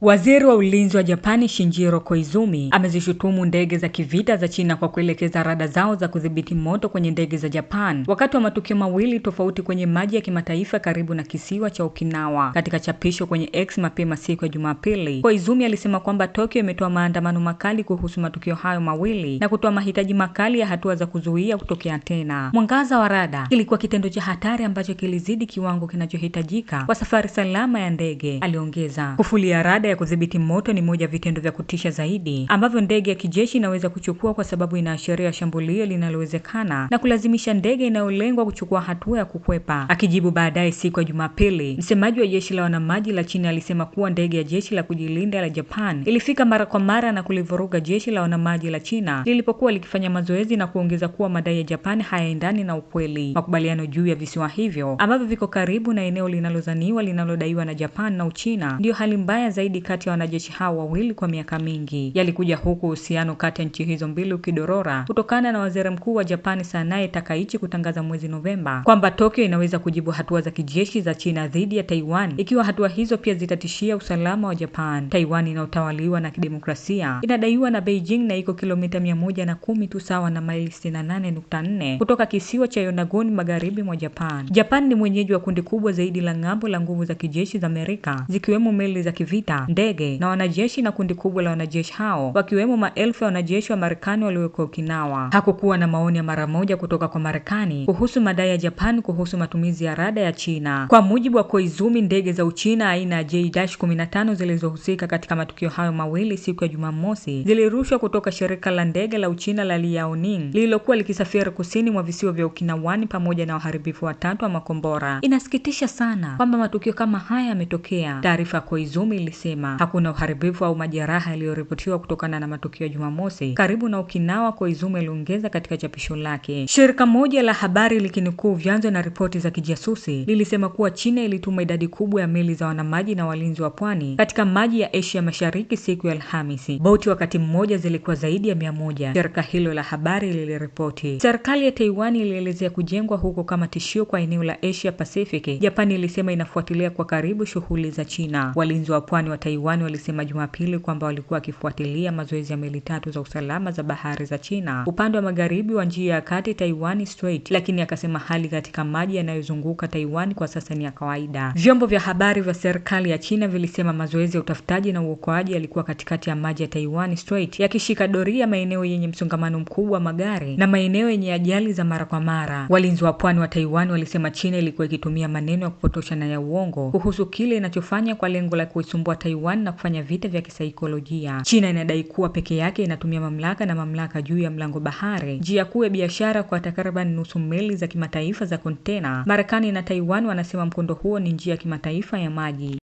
Waziri wa ulinzi wa Japani Shinjiro Koizumi amezishutumu ndege za kivita za China kwa kuelekeza rada zao za kudhibiti moto kwenye ndege za Japan wakati wa matukio mawili tofauti kwenye maji ya kimataifa karibu na kisiwa cha Okinawa. Katika chapisho kwenye X mapema siku ya Jumapili, Koizumi alisema kwamba Tokyo imetoa maandamano makali kuhusu matukio hayo mawili na kutoa mahitaji makali ya hatua za kuzuia kutokea tena. Mwangaza wa rada kilikuwa kitendo cha hatari ambacho kilizidi kiwango kinachohitajika kwa safari salama ya ndege, aliongeza. Kufulia rada baada ya kudhibiti moto ni moja vitendo vya kutisha zaidi ambavyo ndege ya kijeshi inaweza kuchukua kwa sababu inaashiria shambulio linalowezekana na kulazimisha ndege inayolengwa kuchukua hatua ya kukwepa. Akijibu baadaye siku ya Jumapili, msemaji wa jeshi la wanamaji la China alisema kuwa ndege ya jeshi la kujilinda la Japan ilifika mara kwa mara na kulivuruga jeshi la wanamaji la China lilipokuwa likifanya mazoezi na kuongeza kuwa madai ya Japan hayaendani na ukweli. Makubaliano juu ya visiwa hivyo ambavyo viko karibu na eneo linalozaniwa linalodaiwa na Japan na Uchina ndiyo hali mbaya zaidi baridi kati ya wanajeshi hao wawili kwa miaka mingi yalikuja huku uhusiano kati ya nchi hizo mbili ukidorora kutokana na waziri mkuu wa Japani Sanae Takaichi kutangaza mwezi Novemba kwamba Tokyo inaweza kujibu hatua za kijeshi za China dhidi ya Taiwan ikiwa hatua hizo pia zitatishia usalama wa Japan. Taiwan inayotawaliwa na kidemokrasia inadaiwa na Beijing na iko kilomita mia na kumi tu sawa na maili 68.4 kutoka kisiwa cha Yonaguni magharibi mwa Japan. Japan ni mwenyeji wa kundi kubwa zaidi la ng'ambo la nguvu za kijeshi za Amerika zikiwemo meli za kivita ndege na wanajeshi na kundi kubwa la wanajeshi hao wakiwemo maelfu ya wanajeshi wa Marekani waliowekwa Okinawa. Hakukuwa na maoni ya mara moja kutoka kwa Marekani kuhusu madai ya Japan kuhusu matumizi ya rada ya China. Kwa mujibu wa Koizumi, ndege za Uchina aina ya J-15 zilizohusika katika matukio hayo mawili siku ya Jumamosi zilirushwa kutoka shirika la ndege la Uchina la Liaoning lililokuwa likisafiri kusini mwa visiwa vya Okinawani pamoja na waharibifu watatu wa makombora. Inasikitisha sana kwamba matukio kama haya yametokea, taarifa ya Koizumi ilisema amesema hakuna uharibifu au majeraha yaliyoripotiwa kutokana na matukio ya Jumamosi karibu na Okinawa, Koizumi aliongeza katika chapisho lake. Shirika moja la habari likinukuu vyanzo na ripoti za kijasusi lilisema kuwa China ilituma idadi kubwa ya meli za wanamaji na walinzi wa pwani katika maji ya Asia Mashariki siku ya Alhamisi. Boti wakati mmoja zilikuwa zaidi ya mia moja, shirika hilo la habari liliripoti. Serikali ya Taiwan ilielezea kujengwa huko kama tishio kwa eneo la Asia Pacific. Japani ilisema inafuatilia kwa karibu shughuli za China. Walinzi wa pwani wa Taiwan walisema Jumapili kwamba walikuwa wakifuatilia mazoezi ya meli tatu za usalama za bahari za China upande wa magharibi wa njia ya kati Taiwan Strait, lakini akasema hali katika maji yanayozunguka Taiwan kwa sasa ni ya kawaida. Vyombo vya habari vya serikali ya China vilisema mazoezi ya utafutaji na uokoaji yalikuwa katikati ya maji ya Taiwan Strait, yakishika doria maeneo yenye msongamano mkubwa wa magari na maeneo yenye ajali za mara kwa mara. Walinzi wa pwani wa Taiwan walisema China ilikuwa ikitumia maneno ya kupotosha na ya uongo kuhusu kile inachofanya kwa lengo la kuisumbua Taiwan Taiwan na kufanya vita vya kisaikolojia. China inadai kuwa peke yake inatumia mamlaka na mamlaka juu ya mlango bahari, njia kuu ya biashara kwa takriban nusu meli za kimataifa za kontena. Marekani na Taiwan wanasema mkondo huo ni njia ya kimataifa ya maji.